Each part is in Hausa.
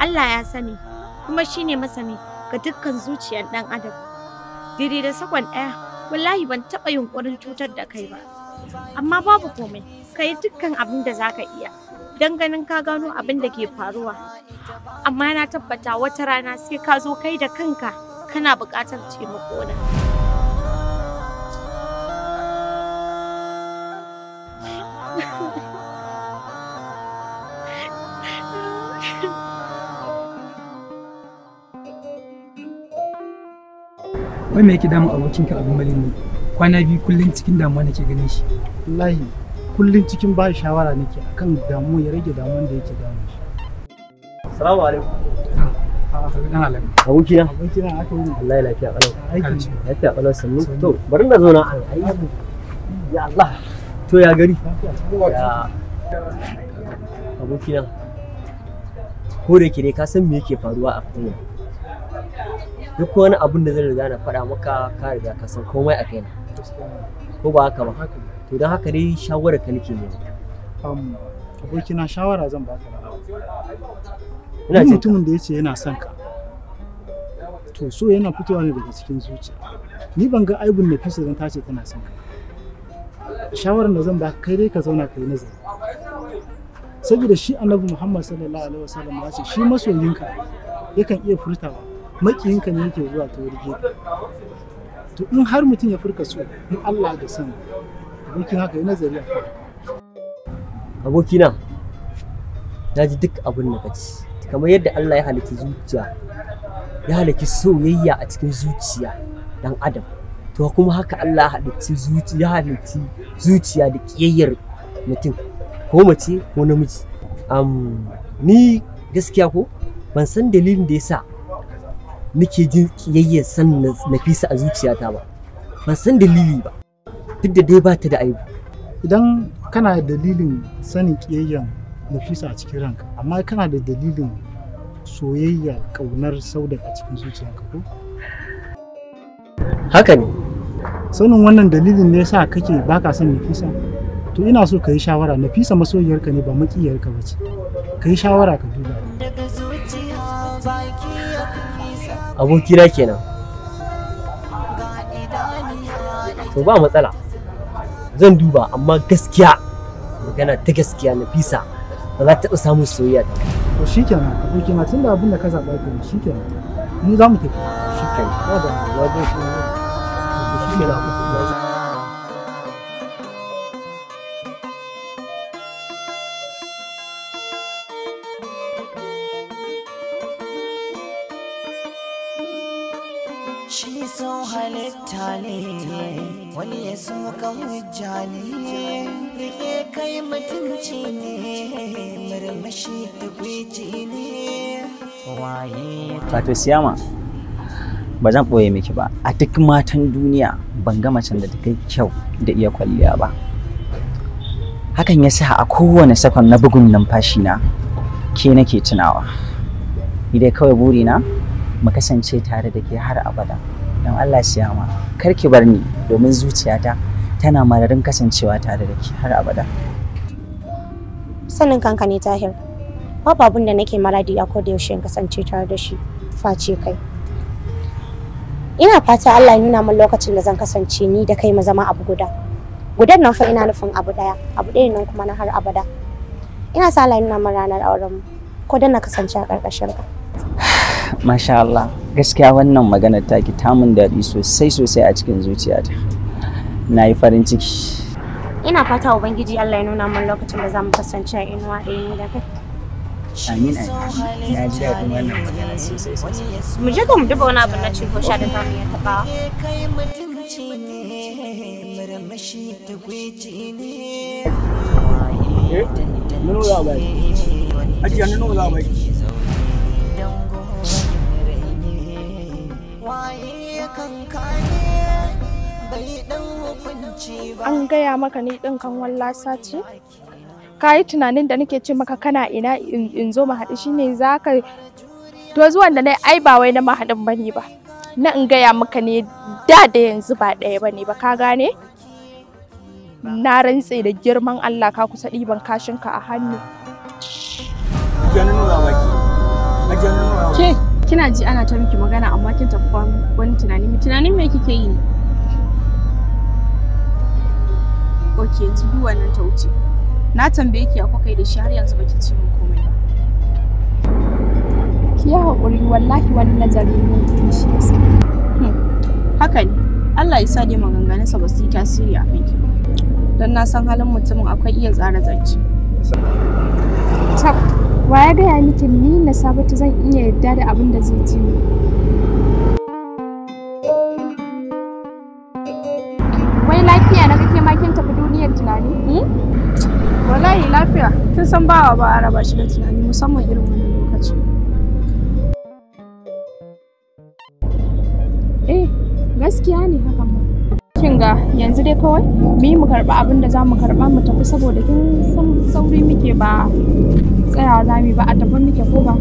Allah ya sani kuma shine masani ga dukkan zuciyar ɗan adam. Diri da sakon ɗaya wallahi ban taɓa yunƙurin cutar da kai ba. Amma babu komai ka yi dukkan abin da za ka iya don ganin ka gano abin da ke faruwa. Amma na tabbata wata rana sai ka zo kai da kanka kana buƙatar taimako na. wai me yake damu abokin ka abin malin kwana biyu kullun cikin damuwa nake ganin shi wallahi kullun cikin ba shawara nake akan damuwa ya rage damuwan da yake damu shi assalamu alaikum ah, ah, abokina abokina aka yi wallahi lafiya kalau lafiya kalau sannu to bari na zauna a aiki ya Allah to ya gari ya abokina ko da ke ne ka san me yake faruwa a fitina duk wani abun da zan riga na faɗa maka ka riga ka san komai a kaina ko ba haka ba to don haka dai shawara ka nake aboki abokina shawara zan baka ina ce mutumin da yace yana son ka to so yana fitowa ne daga cikin zuciya ni ban ga aibun fisa zan tace tana son ka shawaran da zan ba kai dai ka zauna kai nazari saboda shi annabi muhammad sallallahu alaihi wasallam ya ce shi masoyinka yakan iya furtawa makiyinka ne yake zuwa ta wurin to in har mutum ya furka so in Allah da san abokin haka yi nazari a abokina na ji duk abin da kaci kamar yadda Allah ya halitta zuciya ya halitta soyayya a cikin zuciya dan adam to kuma haka Allah ya halitta zuciya halitta zuciya da kiyayyar mutum ko mace ko namiji um, ni gaskiya ko ban san dalilin da yasa nake jin kiyayyar san nafisa a zuciyata ba ban san dalili ba duk da dai ba ta da aibu idan kana dalilin sanin kiyayyar nafisa a cikin ranka amma kana da dalilin soyayya kaunar sauda a cikin zuciyarka ko haka ne sanin wannan dalilin ne yasa kake baka son nafisa to ina so ka yi shawara nafisa masoyiyarka ne ba makiyarka ba ce ka yi shawara ka duba abokina kenan to ba matsala zan duba amma gaskiya magana ta gaskiya na fisa ba za ta taɓa samun soyayya ta to shi kenan aboki na tun da abin da ka zaɓa ke shi kenan mu za mu tafi shi kenan ba da wajen shi ne ba shi kenan so wato siyama ba zan ɓoye miki ba a duk matan duniya ban ga macen da ta kyau da iya kwalliya ba hakan ya sa a kowane sakon na bugun numfashi na ke nake tunawa idai kawai burina mu kasance tare da ke har abada don allah siyama kar ki bar ni domin zuciyata tana mararin kasancewa tare da ki har abada. Sanin kanka ne Tahir, babu abin da nake maradi a koda yaushe in kasance tare da shi face kai. Ina fata Allah ya nuna min lokacin da zan kasance ni da kai mu zama abu guda. Gudan nan fa ina nufin abu daya, abu ɗaya nan kuma na har abada. Ina sa Allah ya nuna min ranar auren mu, ko dan na kasance a ƙarƙashin ka. Masha Allah, gaskiya wannan maganar taki ta mun daɗi sosai sosai a cikin zuciyata. Na yi farin ciki. Ina fata Ubangiji Allah ya nuna mun lokacin da za mu kasance a inuwa ɗaya ni da kai. Amin amin. Na ji daɗin wannan magana sosai sosai. Mu je ka mu duba wani abu na ci ko sha da za mu iya taɓawa. Murmushi ta gwici ne. Eh, nuna za a baki. Ajiya nuna za a waye kan bai dan hukunci ba an gaya maka ni din kan wallasa ce ka yi tunanin da nake ce maka kana ina in zo mu haɗu shine zaka to zuwan da na ai ba wai na mahaɗin bane ba na in gaya maka ne da da yanzu ba ɗaya bane ba ka gane na rantse da girman Allah ka kusa ɗiban kashinka a hannu. Ke, kina ji ana ta miki magana amma kin tafi wani tunani tunanin me kike yi ne ok yanzu duk wannan ta wuce na tambaye ki akwai kai da shi har yanzu baki ce min komai ba ki yi haƙuri wallahi wani nazari ne shi yasa hmm, haka ne Allah ya sa dai maganganunsa ba su yi tasiri a kanki ba don na san halin mutumin akwai iya tsara zance wa ya gaya miki ni na sabatu zan iya yadda da abin da zai ci mu wai lafiya na kake ma kin tafi duniyar tunani hmm? wallahi lafiya kin san bawa ba araba raba shi da tunani musamman irin wannan lokaci eh gaskiya ne haka kin ga yanzu dai kawai mu yi mu karɓi abin da za mu karɓa mu tafi saboda kin san sauri muke ba tsayawa za mu ba a tafi muke ko ba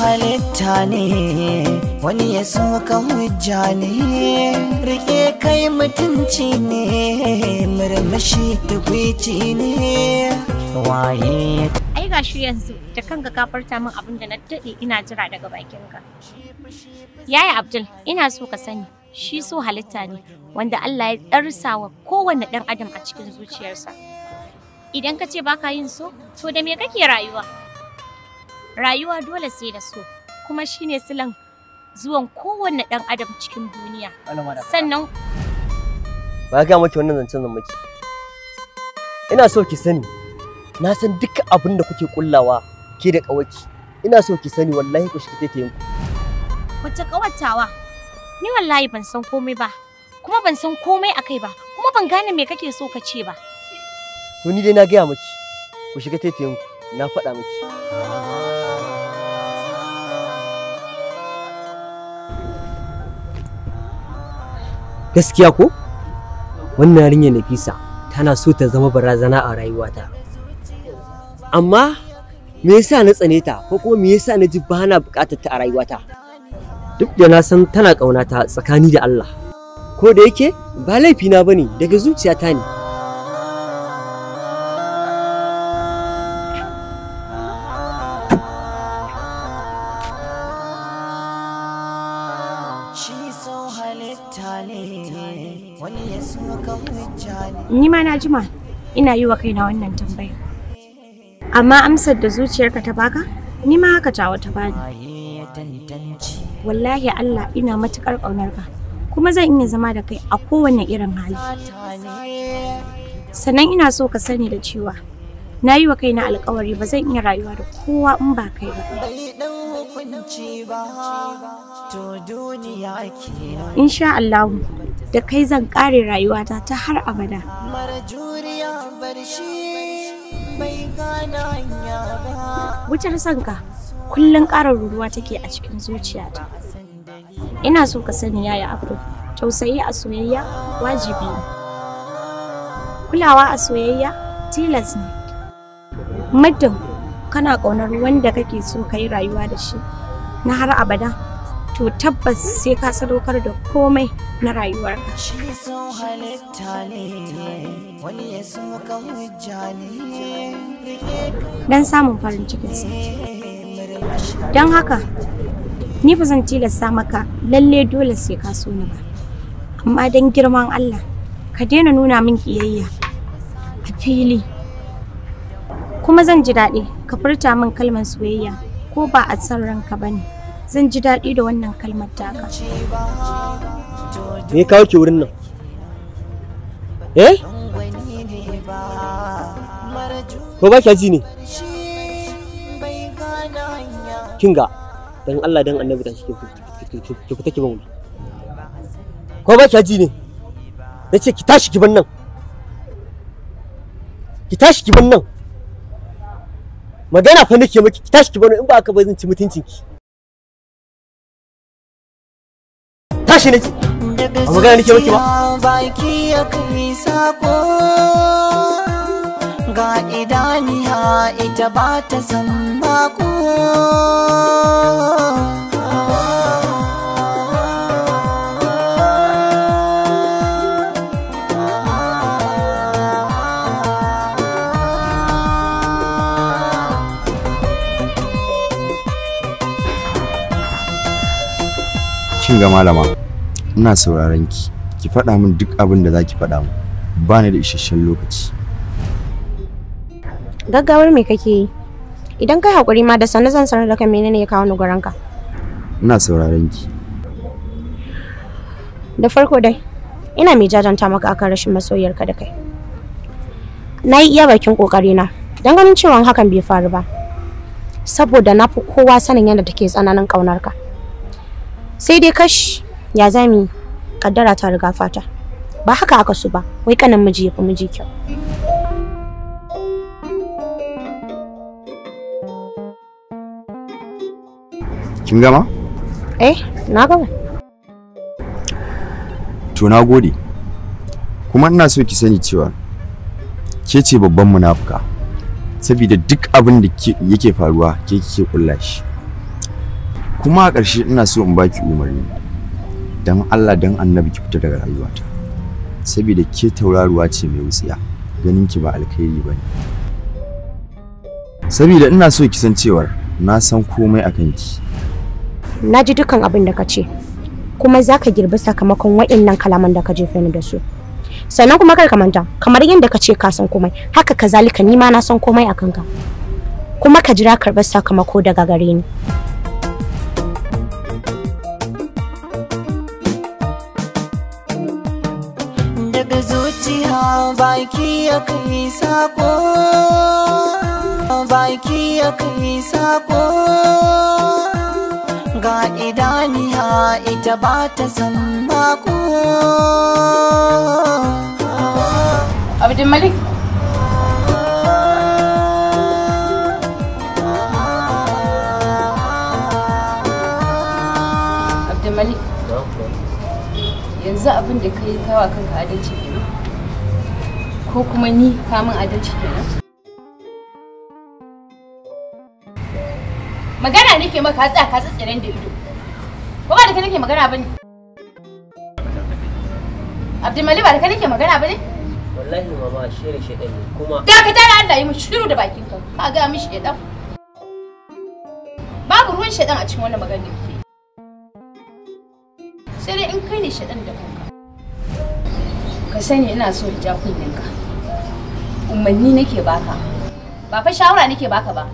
halitta ne wani ya so ka hujja ne rike kai mutunci ne murmushi tukwici ne waye ai ga shi yanzu da kanka ka farta min abin da na daɗe ina jira daga bakinka yaya abdul ina so ka sani shi so halitta ne wanda Allah ya ɗarsa wa kowane ɗan adam a cikin zuciyarsa idan ka ce baka yin so to da me kake rayuwa Rayuwa dole sai da so, kuma shine silan zuwan kowanne dan adam cikin duniya. Sannan ba ga maki wannan zancen zan maki. Ina so ki sani, na san duk abin da kuke kullawa ke da kawaki Ina so ki sani wallahi ku shi take yin ku. Wata ni wallahi ban san komai ba, kuma ban san komai akai ba, kuma ban gane me kake so ka ce ba. To ni dai na gaya maki, ku shiga taitayin ku, na faɗa maki. gaskiya ko wannan yarinya nafisa tana so ta zama barazana a rayuwata amma me yasa na tsane ta ko kuma me yasa na ji ba na bukatar ta a rayuwata duk da na san tana ƙaunata tsakani da Allah ko da yake ba laifi laifina bane daga zuciyata ne Ni ma na jima ina yi wa kaina wannan tambaya. Amma amsar da zuciyarka ta baka, ni ma haka ta ta bani. Wallahi Allah ina matuƙar ka kuma zan iya zama da kai a kowane irin hali. Sannan ina so ka sani da cewa, na yi wa kaina alƙawari ba zan iya rayuwa da kowa in ba kai ba. insha Allah da kai zan kare rayuwata ta har abada marjuriya wutar sanka kullum ƙara ruruwa take a cikin zuciyata ina so ka sani yaya Abdul tausayi a soyayya wajibi kulawa a soyayya tilas ne muddin kana ƙaunar wanda kake so ka yi rayuwa da shi na har abada to tabbas sai ka sadaukar da komai na rayuwarka. Shi son halitta ne wani ya so ka Don samun farin cikinsa. Don haka ni fa zan tilasta maka lalle dole sai ka so ni ba amma don girman Allah ka daina nuna min kiyayya a fili kuma zan ji daɗi ka furta min kalmar soyayya ko ba a san ranka ba ne zan ji daɗi da wannan kalmar taka me kawo ki wurin nan eh ko ba ki ji ne kinga dan Allah dan annabi da shi ki fita ki ban wuri ko ba ki ji ne nace ki tashi ki ban nan ki tashi ki ban nan magana fa nake miki ki tashi ki bani in ba aka ba zan ci mutuncin ki tashi nake a magana nake miki ba baki ya kai sako ga idaniya ita ba ta san mako kin ga malama ina sauraron ki ki faɗa min duk abin da za ki faɗa min ba ni da isasshen lokaci gaggawar me kake yi idan kai hakuri ma da sanne zan sanar da kan menene ya kawo ni gurinka ina sauraron ki da farko dai ina mai jajanta maka akan rashin masoyarka da kai na yi iya bakin na don ganin cewa hakan bai faru ba saboda na fi kowa sanin yadda take tsananin ƙaunarka. ka sai dai kash ya zami kaddara ta riga fata ba haka aka su ba wai kanan miji ya fi miji kyau kin gama eh na gama to na gode kuma ina so ki sani cewa ke ce babban munafuka saboda duk abin da yake faruwa ke kike kulla shi kuma a ƙarshe ina so in baki umarni don Allah don annabi ki fita daga rayuwata saboda ke tauraruwa ce mai wutsiya ganin ki ba alkhairi ba ne saboda ina so ki san cewar na san komai a kanki na ji dukan abin da ka ce kuma za ka girbi sakamakon waɗannan kalaman da ka je ni da su sannan kuma kar ka manta kamar yadda ka ce ka san komai haka kazalika ni ma na san komai a kanka kuma ka jira karɓar sakamako daga gare ni. baki ya kai sako baki ya kai sako ga idaniya ita ba ta san bako abdulmalik abdulmalik yanzu abin da ka yi kawa kanka adalci ko kuma ni kamun adalci kenan magana nake maka tsaya ka tsiren da ido ko ba da kai nake magana bane Abdulmalik ba da kai nake magana bane wallahi mama shirin shedan ne kuma da ka tara Allah yi mu shiru da bakin ka ka ga mishi shedan babu ruwan shedan a cikin wannan magana ke. sai dai in kai ne shedan da kanka ka sani ina so ja ka umarni nake baka ba fa shawara nake baka ba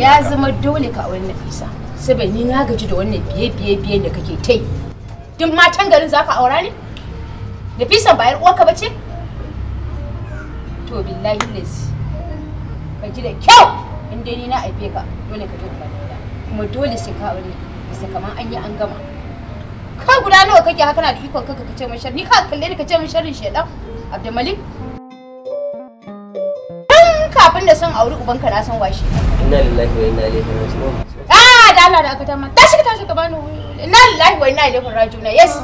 ya zama dole ka aure Nafisa saboda ni na gaji da wannan biye biye biye da kake ta yi duk matan garin zaka aura ne Nafisa ba yar ka bace to billahi lazi ka ji da kyau in dai ni na aife ka dole ka je umarni kuma dole sai ka aure bisa kaman an yi an gama ka guda nawa kake haka na da ikon kanka ka ce mai sharri ni ka kalle ni ka ce mai sharrin shedan Abdulmalik? Tun kafin da son auri ubanka na san washe. Inna lillahi wa inna ilaihi raji'un. Ah, da Allah da aka tama. Ta ka ta shiga bani. Inna lillahi wa inna ilaihi raji'un. Yes.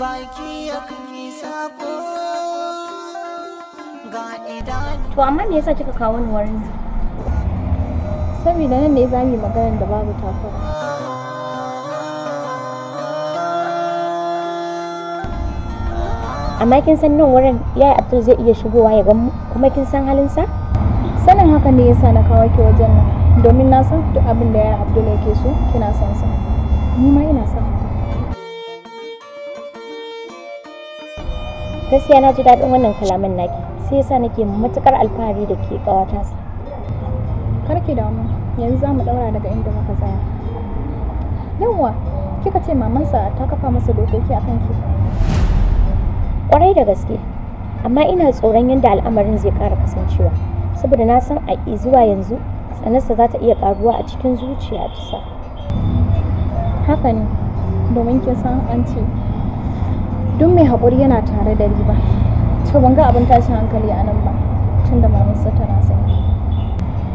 baki ya kan yi sako ga idan To amma me yasa kika kawo ni wurin nan? Saboda nan ne za mu yi maganar da babu takura. Amma kin san nan wurin yayi Abdul zai iya shigowa ya gan kuma kin san halin sa. Sanin haka ne yasa na kawo ki wajen nan domin na san duk abin da yayi Abdul yake so kina son sa. Ni ma ina son Gaskiya na ji daɗin wannan kalaman naki. sai yasa nake matukar alfahari da ke kawata ki damu yanzu za mu daura daga inda muka tsaya yawwa kika ce mamansa ta kafa masa dokoki akan ki kwarai da gaske amma ina tsoron yadda al'amarin zai kara kasancewa saboda na san a zuwa yanzu tsanarsa za ta iya karuwa a cikin zuciya sa haka ne domin kin san an ce duk mai haƙuri yana tare da riba to ban ga abin tashin hankali a nan ba tunda mamansa tana sani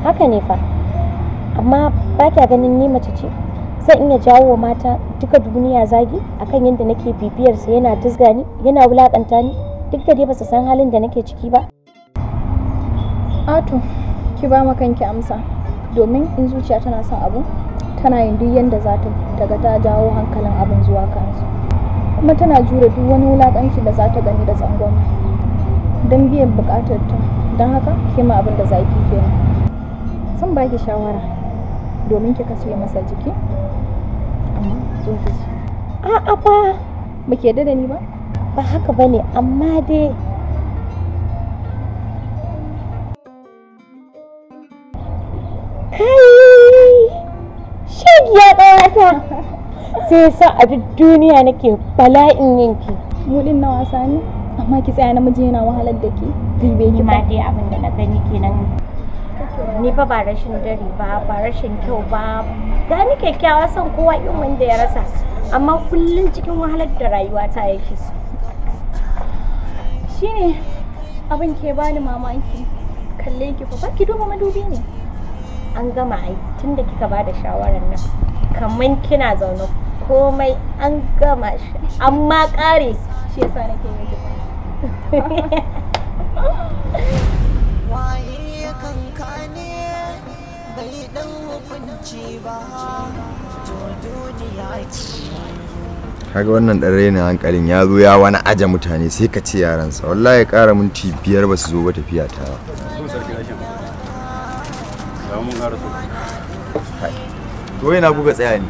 haka ne fa amma ba kya ganin ni mace ce zan iya jawo wa mata duka duniya zagi a kan yadda nake bibiyarsa yana dizga ni yana wulakanta ni duk da dai ba su san halin da nake ciki ba ato ki ba ki amsa domin in zuciya tana son abu tana yin duk yadda za ta daga ta jawo hankalin abin zuwa kansu kuma tana jure duk wani wulakanci da za ta gani da tsangwama don biyan ta don haka ke ma abin da zaki ke zan ba ki shawara domin ki masa jiki amma zo ki a'a ba ba ke da ni ba ba haka ba ne amma dai sai sa a duk duniya nake bala'in yanki mudin na wasa ne amma ki tsaya namiji yana wahalar da ke ribe ki ma dai abin da na gani kenan ni fa ba rashin dare ba ba rashin kyau ba ni kyakkyawa son kowa irin wanda ya rasa amma kullum cikin wahalar da rayuwa ta yake shine abin ke bani mamaki kalle ki fa ki duba madubi ne an gama ai tunda kika bada shawarar nan kamar kina zaune komai an gama shi amma kare shi yasa nake yi kaga wannan dan raina hankalin ya zo ya wani aje mutane sai ka ce yaransa wallahi ya kara minti biyar ba su zo ba tafiya ta ba to yana buga tsaya ne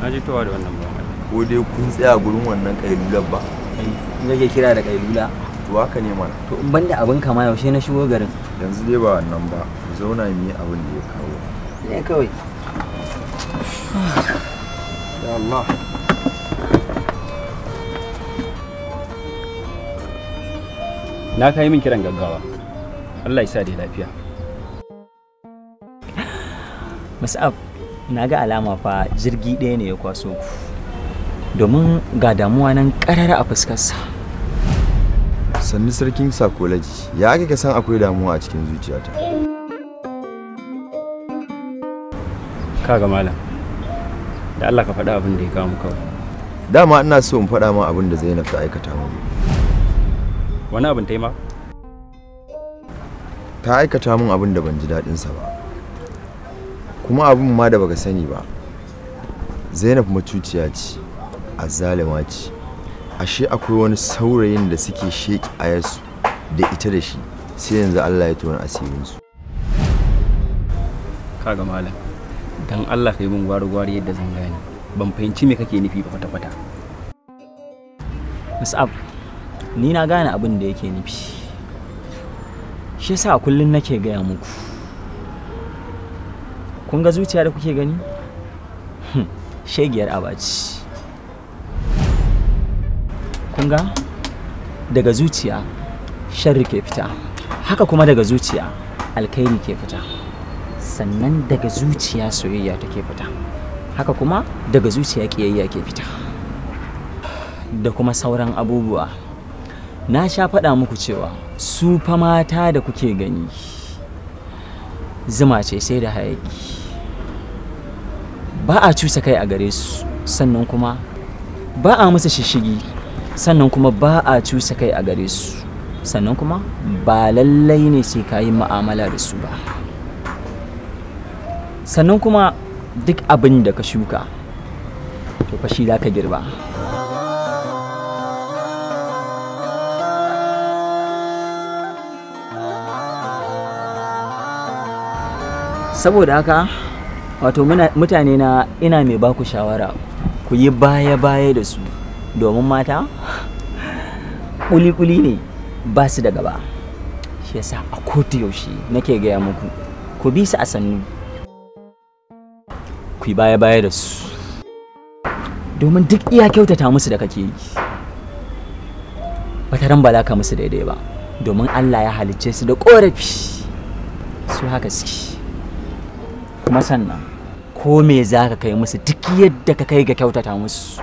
na ji towa da wannan ba ko dai kun tsaya gurin wannan kailulan ba ke kira da kailula to haka ne mana to in banda abin kama yaushe na shigo garin yanzu dai ba wannan ba ku zauna mu yi abin da ya kawo ne kawai ya Allah na kai min kiran gaggawa Allah ya sa dai lafiya Mus'ab na ga alama fa jirgi ɗaya ne ya kwaso ku domin ga damuwa nan karara a fuskarsa sannu sarkin sakolaji ya ake ka san akwai damuwa a cikin zuciyata kaga malam da Allah ka faɗa abin da ya kawo kawai dama ina so in faɗa ma abin da zainab ta aikata mu wani abin ta yi ma ta aikata min abin da ban ji daɗinsa ba kuma abin ma da baka sani ba zainab macuciya ce azalima ce ashe akwai wani saurayin da suke sheƙi ayarsu da ita da shi sai yanzu Allah ya tona asirinsu kaga malam dan Allah ka yi min gwari-gwari yadda zan gane ban fahimci me kake nufi ba kwata-kwata Mus'ab ni na gane abin da yake nufi shi yasa kullum nake gaya muku kun ga zuciya da kuke gani hm, shegiyar abaci kun ga daga zuciya sharri ke fita haka kuma daga zuciya alkhairi ke fita sannan daga zuciya soyayya take fita haka kuma daga zuciya kiyayya ke fita da kuma sauran abubuwa na sha faɗa muku cewa su fa mata da kuke gani zuma ce sai da hayaki ba a cusa kai a gare su sannan kuma ba a musu shishigi sannan kuma ba a cusa kai a gare su sannan kuma ba lallai ne sai ka yi ma'amala da su ba sannan kuma duk abin da ka shuka to fa za ka girba saboda haka wato mutane na ina mai baku shawara ku yi baya-baya da su domin mata kuli-kuli ne ba su da gaba shi yasa a kotu yaushe nake gaya muku ku bi su a sannu ku yi baya-baya da su domin duk iya kyautata musu da kake yi wataran ba za ka musu daidai ba domin allah ya halicce su da korafi su haka suke kuma sannan ko me za ka kai musu duk yadda ka kai ga kyautata musu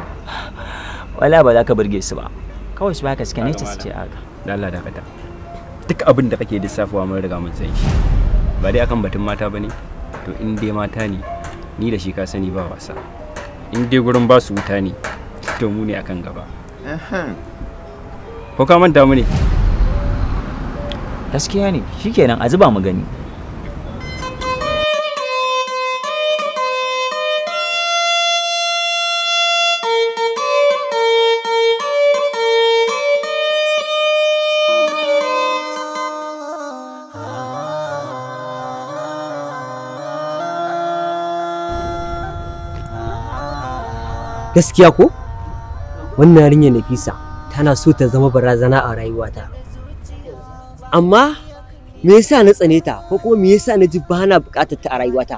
wala ba za ka burge su ba kawai su baka scanner su ce aka da Allah da kata duk abin da kake lissafawa mun riga mun san shi ba dai akan batun mata bane to in dai mata ne ni da shi ka sani ba wasa in dai gurin ba su wuta ne to mu ne akan gaba ko ka manta mu ne gaskiya ne shikenan a zuba mu gani gaskiya ko wannan yarinya nafisa tana so ta zama barazana a rayuwata amma me yasa na tsane ta ko kuma me yasa na ji ba na bukatar ta a rayuwata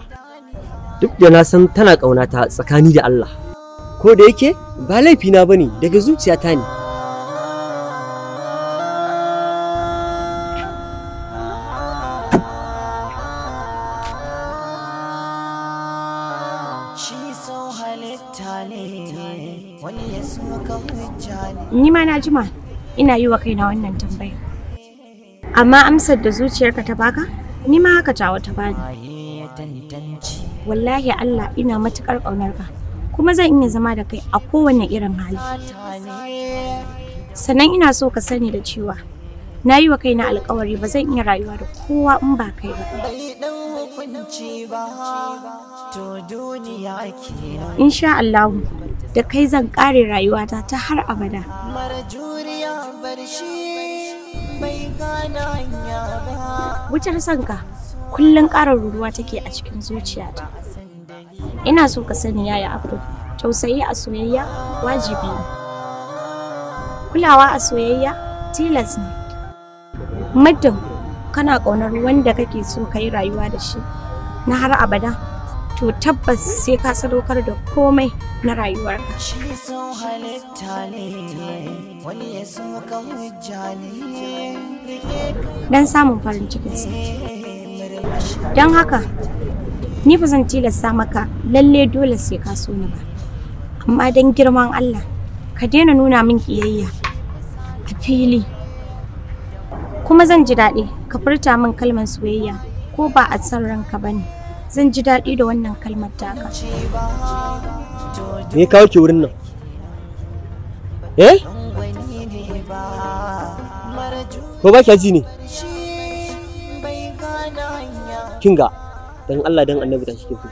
duk da na san tana ƙaunata tsakani da Allah ko da yake ba laifi laifina bane daga zuciyata ne ina yi wa kaina wannan tambaya amma amsar da zuciyarka ta baka ni ma haka tawa ta bani wallahi Allah ina matukar ƙaunar ka kuma zan iya zama da kai a kowane irin hali sannan ina so ka sani da cewa na yi wa kaina alkawari ba zan iya rayuwa da kowa in ba kai ba insha Allah da kai zan kare rayuwata ta har abada wucar sanka kullum karar ruruwa take a cikin zuciyata ina so ka sani yaya abu tausayi a soyayya wajibi kulawa a soyayya tilas ne muddin kana ƙaunar wanda kake so ka yi rayuwa da shi na har abada to tabbas sai ka sadaukar da komai na rayuwar Don samun farin cikin sa. Don haka ni fa zan tilasta maka lalle dole sai ka so ni ba. Amma don girman Allah ka daina nuna min kiyayya a fili. kuma zan ji daɗi ka furta min kalmar soyayya ko ba a san ranka ba ne zan ji daɗi da wannan kalmar taka me kawo ki wurin nan eh ko ba ki ji ne kinga dan Allah dan annabi da shike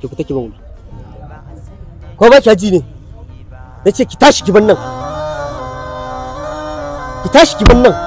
ki fita ki ban ko ba ki ji ne nace ki tashi ki ban nan ki tashi ki ban nan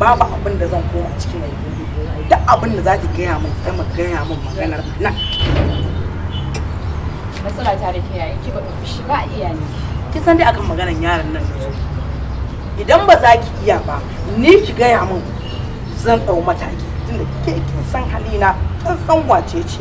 babu abin da zan koma cikin mai duk abin da za ki gaya min ta mu gaya min maganar nan matsala ta rike yayi ki ba ɗauki shi ba iyali ki san dai akan maganar yaran nan yanzu idan ba za ki iya ba ni ki gaya min zan ɗau mataki tunda ke kin san halina kin san wace ce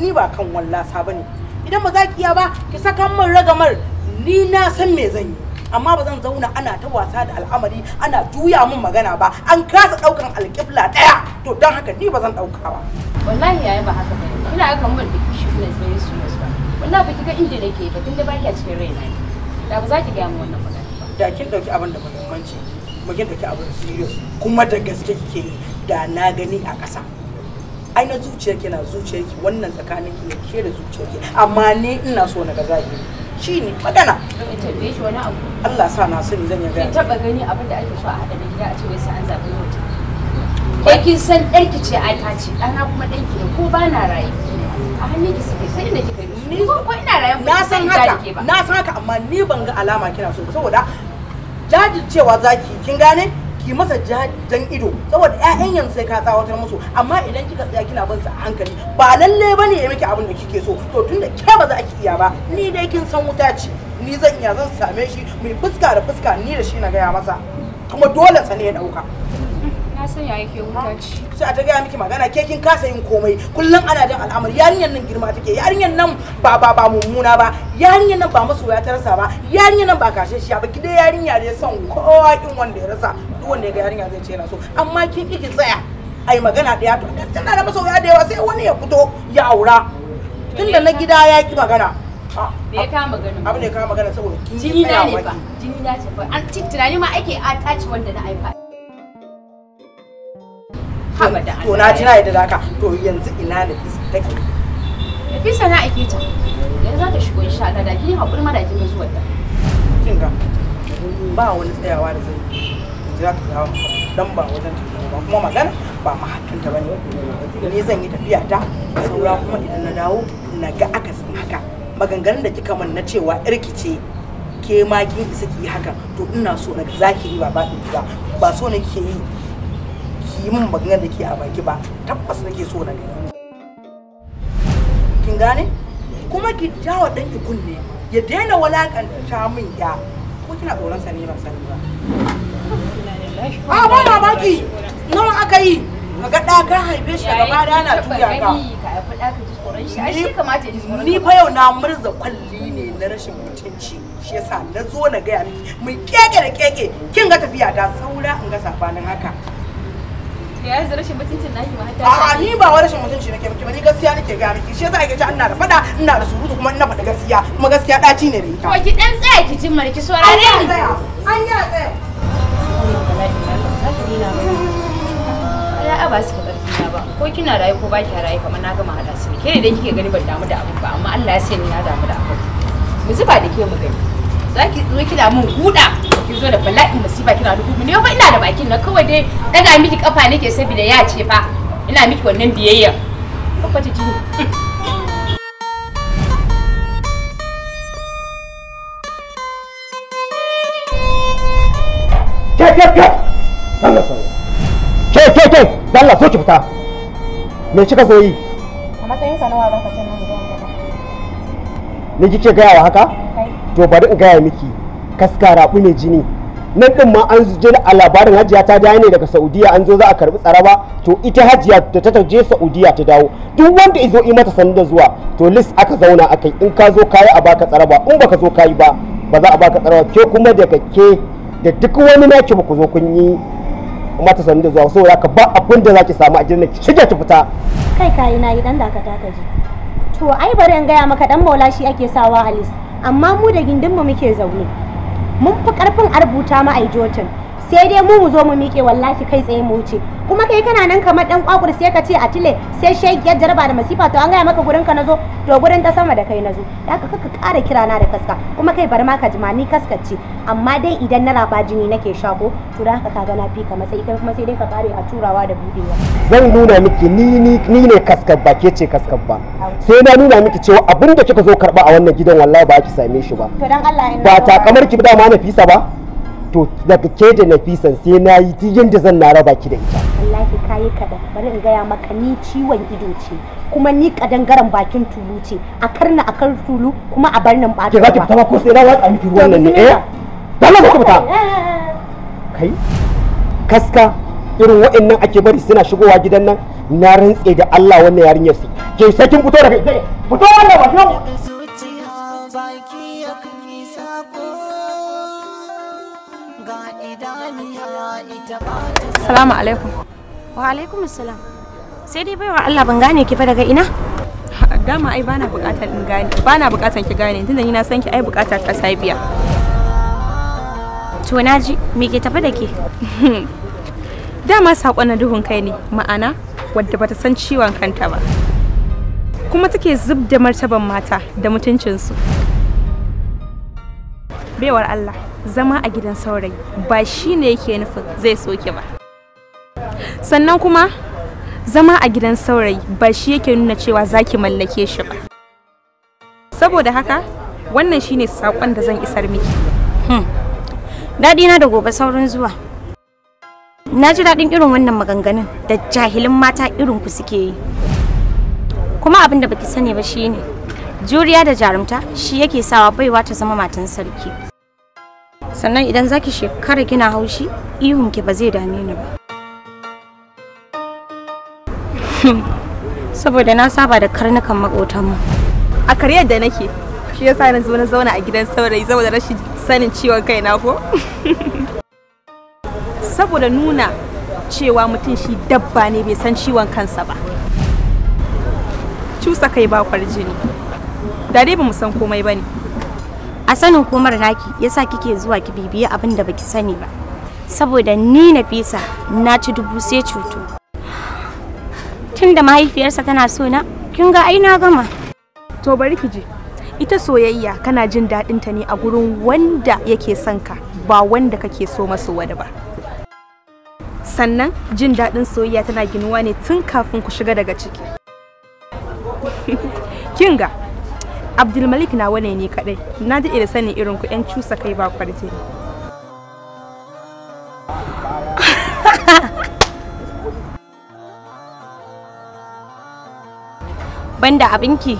ni ba kan wallasa bane idan ba za ki iya ba ki saka min ragamar ni na san me zan yi amma ba zan zauna ana ta wasa da al'amari ana juya min magana ba an kasa daukan alƙibla daya to don haka ni ba zan dauka ba wallahi yayi ba haka ba ina aka mun da kishi ne sai su ne ba wallahi ba kiga inda nake ba tunda ba ki cikin raina da ba za ki ga mu wannan magana da kin dauki abin da muhimmanci mu kin dauki abin serious kuma da gaske kike yi da na gani a ƙasa ai na zuciyarki na zuciyarki wannan tsakaninki ne ke da zuciyarki amma ni ina so na ga zaki shi ne magana Allah sa na sani zan yaga taba gani abin da ake so a hada da gida a ce wai sai an zabi wata. kai kin san danki ce ai ta ce ɗana kuma ɗanki ne ko ba na raye a hannun ki suke sai da kika ni ko ina raye na san haka na san haka amma ni ban ga alama kina so saboda jajircewa zaki kin gane ki masa jan ido saboda ƴaƴan yanzu sai ka tsawatar musu amma idan kika tsaya kina bin sa a hankali ba lalle bane ya miki abin da kike so to tunda ke ba za ki iya ba ni dai kin san wuta ce ni zan iya zan same shi mai fuska da fuska ni da shi na gaya masa kuma dole sa ne ya dauka na san ya yake wuta ce sai a ta gaya miki magana ke kin kasa yin komai kullum ana jin al'amari yarinyar nan girma take yarinyar nan ba ba ba mummuna ba yarinyar nan ba masoya ta rasa ba yarinyar nan ba kashe shi ba ki dai yarinya dai son kowa kin wanda ya rasa duk wanda ga yarinya zai ce yana so amma kin ki tsaya ai magana daya to tana da masoya da yawa sai wani ya fito ya aura tun da na gida ya ki magana ah, da ya kama magana abu ne kama magana saboda kin jini na ne ba jini na ce ba an ci tunani ma ake a tace wanda na aifa to na jira da daka to yanzu ina da fisa take da fisa na ake ta yanzu za ta shigo insha Allah da kin hakuri ma da kin zuwa ta kin ga ba wani tsayawa da zai za ta dawo dan ba wajen tafiya ba kuma magana ba ne ni zan yi tafiya ta saura kuma idan na dawo na ga akasin haka maganganun da kika man na cewa irki ce ke ma kin isa haka to ina so na zakiri ba ba ba ba so ne yi ki min maganar da ke a baki ba tabbas nake so na gani kin gane kuma ki jawo danki kunne ya daina walakanta min ya ko kina tsoron sa ne sani ba a ba mamaki nawa aka yi ga ɗa ka haife shi daga bada n'a tuya ka ni fa yau na murza kwalli ne na rashin mutunci shi yasa na zo na gaya miki mu keke da keke kin ga tafiya ta saura in ga sabanin haka ya yanzu rashin mutuncin naki ma hatta a ni ba wa rashin mutunci nake miki ba ni gaskiya nake ga miki shi yasa ake cewa ina da fada ina da surutu kuma ina faɗa gaskiya kuma gaskiya daci ne da ita ki dan tsaya ki jin marki saurare ni an an ya tsaya ba su ka ƙarfi ba ko kina raye ko ba ki raye kamar na gama hada su ne ke da kike gani ban damu da abu ba amma Allah ya sani na damu da abu mu zuba da ke mu gani za ki zo kina mun huda ki zo da bala'in masifa kina dubu mu ne ba ina da bakin na kawai dai daga miki kafa nake saboda ya ce fa ina miki wannan biyayya kafa ta jini Get, get, get! Allah so ki fita me kika zo yi a matsayin ka nawa zaka ce nan ni kike gaya wa haka to bari in gaya miki kaskara ne jini nan din ma an je a labarin hajiya ta dawo ne daga saudiya an zo za a karbi tsaraba to ita hajiya da ta taje saudiya ta dawo duk wanda izo yi mata sanin da zuwa to list aka zauna akai in ka zo kayi a baka tsaraba in baka zo kayi ba ba za a baka tsaraba ke kuma daga ke da duk wani naki ba ku zo kun yi mata ta sanu da zuwa ya ka ba abin da zaki samu a gidan ki shige ki fita kai kai na yi dan dakata ka ji to ai bari in gaya maka dan maula shi ake sawa alis amma mu da gindin mu muke zaune mun fi karfin arbuta ma ai jotin sai dai mu mu zo mu miƙe wallahi kai tsaye mu wuce kuma kai kana nan kamar dan kwakur sai ka ce a tile sai shegiyar jarba da masifa to an gaya maka gurin ka nazo to gurin ta sama da kai nazo da kaka kara kira na da kaska kuma kai bar ma ka jima ni ce amma dai idan na raba jini nake shago to da haka kaga na fi ka matsayi kai kuma sai dai ka kare a turawa da budewa zan nuna miki ni ni ni ne kaskar ba ke ce kaskar ba sai na nuna miki cewa abin da kika zo karba a wannan gidan wallahi ba ki same shi ba to dan Allah ba ta kamar ki da ma nafisa ba to daga ke da nafisan sai na yi duk yadda zan na raba ki da ita wallahi kayi kaɗan bari in gaya maka ni ciwon ido ce kuma ni garan bakin tulu ce a karna a kar tulu kuma a bar nan ba ke zaki fita ko sai na watsa miki ruwan nan ne eh dalla ba ku fita eh, eh, eh, kai kaska irin waɗannan ake bari suna shigowa gidan nan na rantse da Allah wannan yarinyar su ke sakin kin fito daga fito wannan ba ki Salamu alaikum. Wa alaikum salam. Sai dai baiwa Allah ban gane ki fa daga ina? Dama ai bana bukatar in gane. Bana bukatar ki gane tunda ni na san ki ai bukatar ta sabiya. To naji me ke tafi da ke? Dama sakon na duhun kai ne ma'ana wadda bata san ciwon kanta ba. Kuma take zub da martaban mata da mutuncinsu. Baiwar Allah. zama a gidan saurayi ba shi ne yake nufin zai soke ba sannan kuma zama a gidan saurayi ba shi yake nuna cewa zaki mallake shi ba saboda haka wannan shi ne saƙon da zan isar miki hmm. daɗi na da gobe saurin zuwa na ji daɗin irin wannan maganganun da jahilin mata irin ku suke yi kuma abin da baki sani ba shine juriya da jarumta shi yake sawa baiwa ta zama matan sarki sannan idan zaki shekara kina haushi ihunki ba zai dame ni ba hmm. saboda na saba da karnukan makotanmu a karyar da nake shi yasa na zo na zauna a gidan saurayi saboda rashin sanin ciwon kaina ko saboda nuna cewa mutum shi dabba ne bai san ciwon kansa ba cusa kai bakwar jini da dai ba mu san komai ba ne a sanin komar naki yasa kike zuwa ki bibiya abin da baki sani ba saboda ni na fisa na ci dubu sai cuto tun da mahaifiyarsa tana so na kin ga ai na gama to bari ki je ita soyayya kana jin daɗin ta ne a gurin wanda yake son ka ba wanda kake so maso wani ba sannan jin daɗin soyayya tana ginuwa ne tun kafin ku shiga daga ciki kinga abdulmalik na wane ne kadai na daɗe da sanin irin ku 'yan cusa kai ba kwarje banda abinki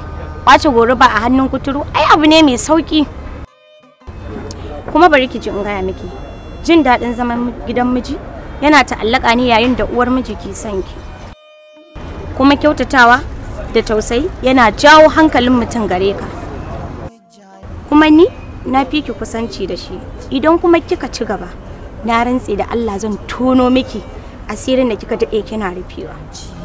kwace ba a hannun kuturu ai abu ne mai sauki kuma bari ki in gaya miki jin daɗin zaman gidan miji yana ta'allaka ne yayin da uwar miji ke son ki kuma kyautatawa da tausayi yana jawo hankalin mutum gare ka kuma ni na fi ki kusanci da shi idan kuma kika ci gaba na rantse da Allah zan tono miki asirin da kika daɗe kina rufewa.